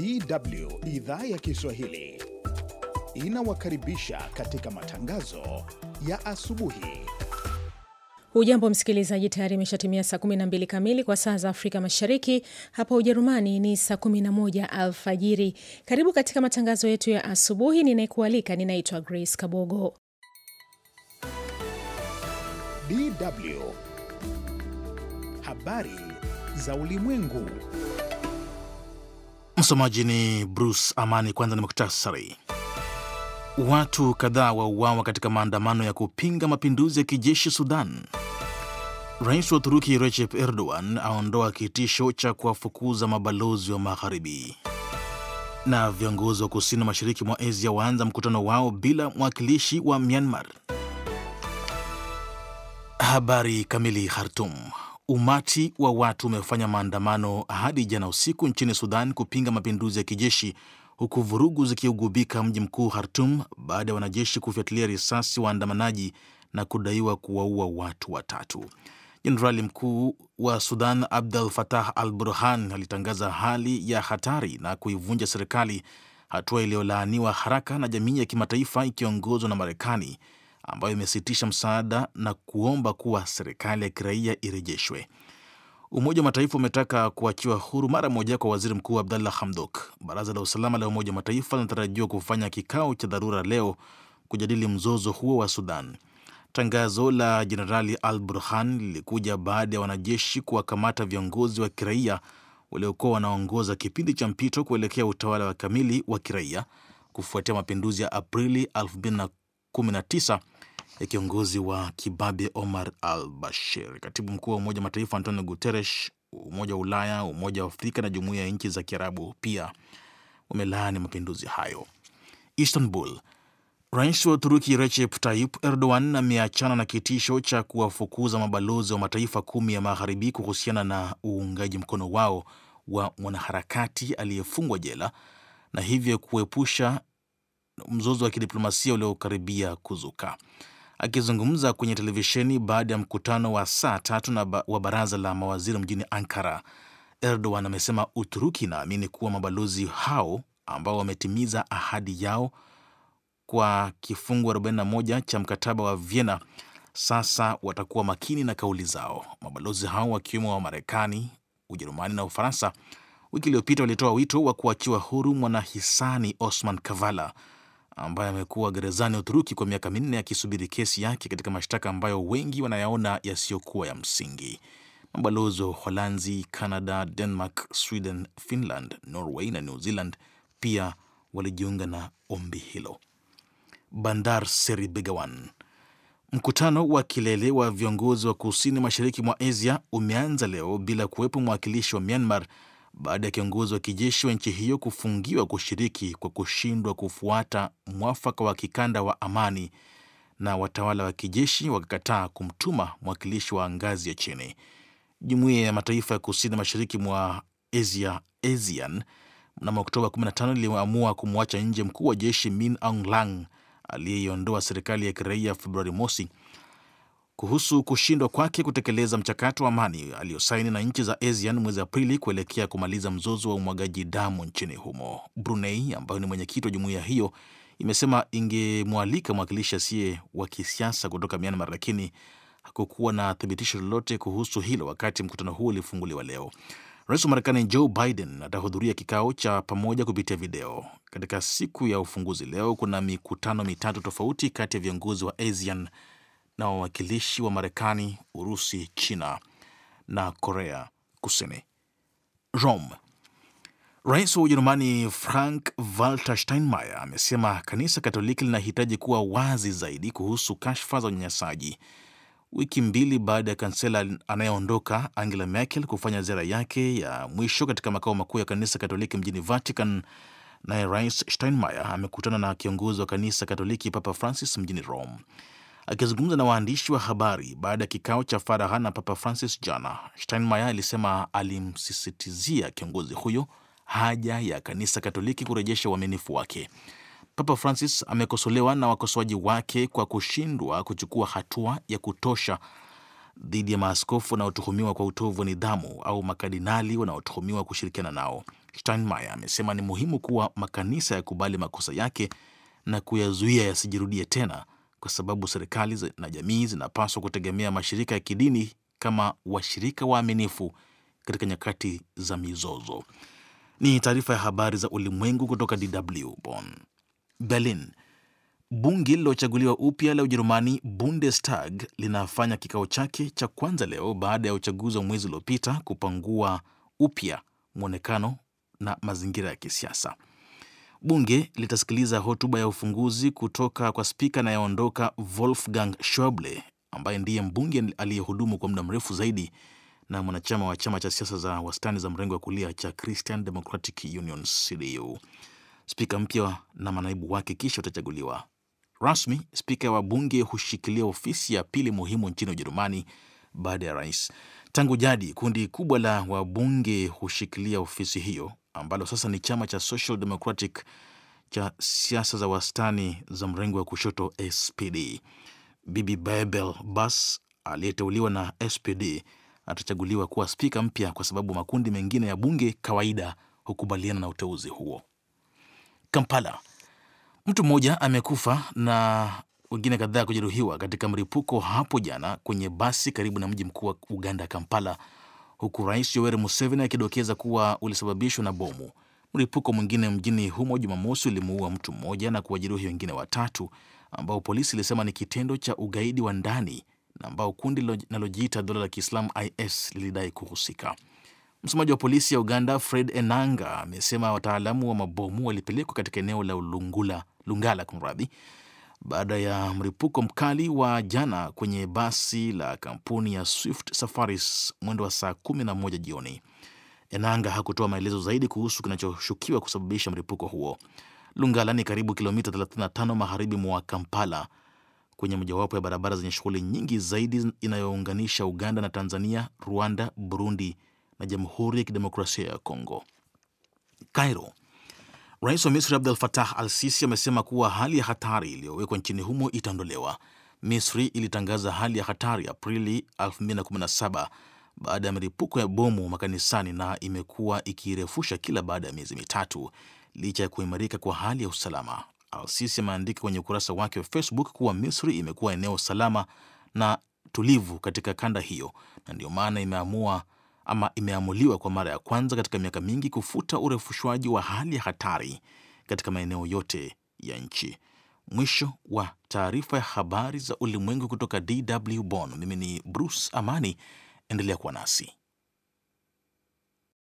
DW idhaa ya Kiswahili inawakaribisha katika matangazo ya asubuhi. Hujambo msikilizaji, tayari imeshatimia saa 12 kamili kwa saa za Afrika Mashariki. Hapa Ujerumani ni saa 11 alfajiri. Karibu katika matangazo yetu ya asubuhi. Ninayekualika ninaitwa Grace Kabogo. DW habari za ulimwengu Msomaji ni Bruce Amani. Kwanza ni muktasari. Watu kadhaa wauawa katika maandamano ya kupinga mapinduzi ya kijeshi Sudan. Rais wa Uturuki Recep Erdogan aondoa kitisho cha kuwafukuza mabalozi wa Magharibi. Na viongozi wa kusini mashariki mwa Asia waanza mkutano wao bila mwakilishi wa Myanmar. Habari kamili. Khartoum. Umati wa watu umefanya maandamano hadi jana usiku nchini Sudan kupinga mapinduzi ya kijeshi huku vurugu zikiugubika mji mkuu Khartoum baada ya wanajeshi kufyatulia risasi waandamanaji na kudaiwa kuwaua watu watatu. Jenerali mkuu wa Sudan Abdel Fattah al-Burhan alitangaza hali ya hatari na kuivunja serikali, hatua iliyolaaniwa haraka na jamii ya kimataifa ikiongozwa na Marekani ambayo imesitisha msaada na kuomba kuwa serikali ya kiraia irejeshwe. Umoja wa Mataifa umetaka kuachiwa huru mara moja kwa waziri mkuu Abdallah Hamdok. Baraza la usalama la Umoja wa Mataifa linatarajiwa kufanya kikao cha dharura leo kujadili mzozo huo wa Sudan. Tangazo la Jenerali Al Burhan lilikuja baada ya wanajeshi kuwakamata viongozi wa kiraia waliokuwa wanaongoza kipindi cha mpito kuelekea utawala wa kamili wa kiraia kufuatia mapinduzi ya Aprili 19 ya kiongozi wa kibabe Omar al Bashir. Katibu mkuu wa Umoja wa Mataifa Antonio Guterres, Umoja wa Ulaya, Umoja wa Afrika na Jumuiya ya Nchi za Kiarabu pia umelaani mapinduzi hayo. Istanbul. Rais wa Uturuki Recep Tayyip Erdogan ameachana na kitisho cha kuwafukuza mabalozi wa mataifa kumi ya magharibi kuhusiana na uungaji mkono wao wa mwanaharakati aliyefungwa jela na hivyo kuepusha mzozo wa kidiplomasia uliokaribia kuzuka. Akizungumza kwenye televisheni baada ya mkutano wa saa tatu na ba, wa baraza la mawaziri mjini Ankara, Erdogan amesema Uturuki inaamini kuwa mabalozi hao ambao wametimiza ahadi yao kwa kifungu 41 cha mkataba wa Vienna sasa watakuwa makini na kauli zao. Mabalozi hao wakiwemo wa Marekani, Ujerumani na Ufaransa wiki iliyopita walitoa wito wa kuachiwa huru mwanahisani Osman Kavala ambaye amekuwa gerezani Uturuki kwa miaka minne akisubiri kesi yake katika mashtaka ambayo wengi wanayaona yasiyokuwa ya msingi. Mabalozi wa Uholanzi, Canada, Denmark, Sweden, Finland, Norway na New Zealand pia walijiunga na ombi hilo. Bandar Seri Begawan. Mkutano wa kilele wa viongozi wa kusini mashariki mwa Asia umeanza leo bila kuwepo mwakilishi wa Myanmar baada ya kiongozi wa kijeshi wa nchi hiyo kufungiwa kushiriki kwa kushindwa kufuata mwafaka wa kikanda wa amani na watawala wa kijeshi wakakataa kumtuma mwakilishi wa ngazi ya chini. Jumuiya ya Mataifa ya Kusini Mashariki mwa Asia, ASEAN, mnamo Oktoba 15 iliamua kumwacha nje mkuu wa jeshi Min Aung Hlaing aliyeiondoa serikali ya kiraia Februari mosi kuhusu kushindwa kwake kutekeleza mchakato wa amani aliyosaini na nchi za ASEAN mwezi Aprili kuelekea kumaliza mzozo wa umwagaji damu nchini humo. Brunei ambayo ni mwenyekiti wa jumuiya hiyo imesema ingemwalika mwakilishi asiye wa kisiasa kutoka Myanmar, lakini hakukuwa na thibitisho lolote kuhusu hilo wakati mkutano huo ulifunguliwa leo. Rais wa Marekani Joe Biden atahudhuria kikao cha pamoja kupitia video. Katika siku ya ufunguzi leo, kuna mikutano mitatu tofauti kati ya viongozi wa ASEAN na wawakilishi wa Marekani, Urusi, China na Korea Kusini. Rome. Rais wa Ujerumani Frank Walter Steinmeier amesema kanisa Katoliki linahitaji kuwa wazi zaidi kuhusu kashfa za unyanyasaji, wiki mbili baada ya kansela anayeondoka Angela Merkel kufanya ziara yake ya mwisho katika makao makuu ya kanisa Katoliki mjini Vatican. Naye Rais Steinmeier amekutana na kiongozi wa kanisa Katoliki Papa Francis mjini Rome. Akizungumza na waandishi wa habari baada ya kikao cha faragha na Papa Francis jana, Steinmeier alisema alimsisitizia kiongozi huyo haja ya kanisa Katoliki kurejesha uaminifu wake. Papa Francis amekosolewa na wakosoaji wake kwa kushindwa kuchukua hatua ya kutosha dhidi ya maaskofu wanaotuhumiwa kwa utovu wa nidhamu au makardinali wanaotuhumiwa kushirikiana nao. Steinmeier amesema ni muhimu kuwa makanisa yakubali makosa yake na kuyazuia yasijirudie tena kwa sababu serikali na jamii zinapaswa kutegemea mashirika ya kidini kama washirika waaminifu katika nyakati za mizozo. Ni taarifa ya habari za ulimwengu kutoka DW Bonn. Berlin. Bunge lililochaguliwa upya la Ujerumani, Bundestag, linafanya kikao chake cha kwanza leo baada ya uchaguzi wa mwezi uliopita kupangua upya mwonekano na mazingira ya kisiasa. Bunge litasikiliza hotuba ya ufunguzi kutoka kwa spika anayeondoka Wolfgang Schäuble ambaye ndiye mbunge aliyehudumu kwa muda mrefu zaidi na mwanachama wa chama cha siasa za wastani za mrengo wa kulia cha Christian Democratic Union CDU. Spika mpya na manaibu wake kisha watachaguliwa rasmi. Spika wa bunge hushikilia ofisi ya pili muhimu nchini Ujerumani baada ya rais. Tangu jadi, kundi kubwa la wabunge hushikilia ofisi hiyo ambalo sasa ni chama cha Social Democratic cha siasa za wastani za mrengo wa kushoto SPD. Bibi Babel Bas aliyeteuliwa na SPD atachaguliwa kuwa spika mpya kwa sababu makundi mengine ya bunge kawaida hukubaliana na uteuzi huo. Kampala, mtu mmoja amekufa na wengine kadhaa kujeruhiwa katika mlipuko hapo jana kwenye basi karibu na mji mkuu wa Uganda, Kampala, huku Rais Yoweri Museveni akidokeza kuwa ulisababishwa na bomu. Mlipuko mwingine mjini humo Jumamosi ulimuua mtu mmoja na kuwajeruhi wengine watatu, ambao polisi ilisema ni kitendo cha ugaidi wa ndani na ambao kundi linalojiita dola la Kiislamu IS lilidai kuhusika. Msemaji wa polisi ya Uganda Fred Enanga amesema wataalamu wa mabomu walipelekwa katika eneo la Lungula, Lungala kumradhi baada ya mlipuko mkali wa jana kwenye basi la kampuni ya Swift Safaris mwendo wa saa moja jioni. Enanga hakutoa maelezo zaidi kuhusu kinachoshukiwa kusababisha mlipuko huo. Lungala ni karibu kilomita 35 magharibi mwa Kampala, kwenye mojawapo ya barabara zenye shughuli nyingi zaidi inayounganisha Uganda na Tanzania, Rwanda, Burundi na Jamhuri ya Kidemokrasia ya Kongo. Cairo Rais wa Misri Abdel Fattah al Sisi amesema kuwa hali ya hatari iliyowekwa nchini humo itaondolewa. Misri ilitangaza hali ya hatari Aprili 2017 baada ya milipuko ya bomu makanisani na imekuwa ikiirefusha kila baada ya miezi mitatu licha ya kuimarika kwa hali ya usalama. Al-Sisi ameandika kwenye ukurasa wake wa Facebook kuwa Misri imekuwa eneo salama na tulivu katika kanda hiyo na ndiyo maana imeamua ama imeamuliwa kwa mara ya kwanza katika miaka mingi kufuta urefushwaji wa hali ya hatari katika maeneo yote ya nchi. Mwisho wa taarifa ya habari za ulimwengu kutoka DW Bonn. Mimi ni Bruce Amani, endelea kuwa nasi.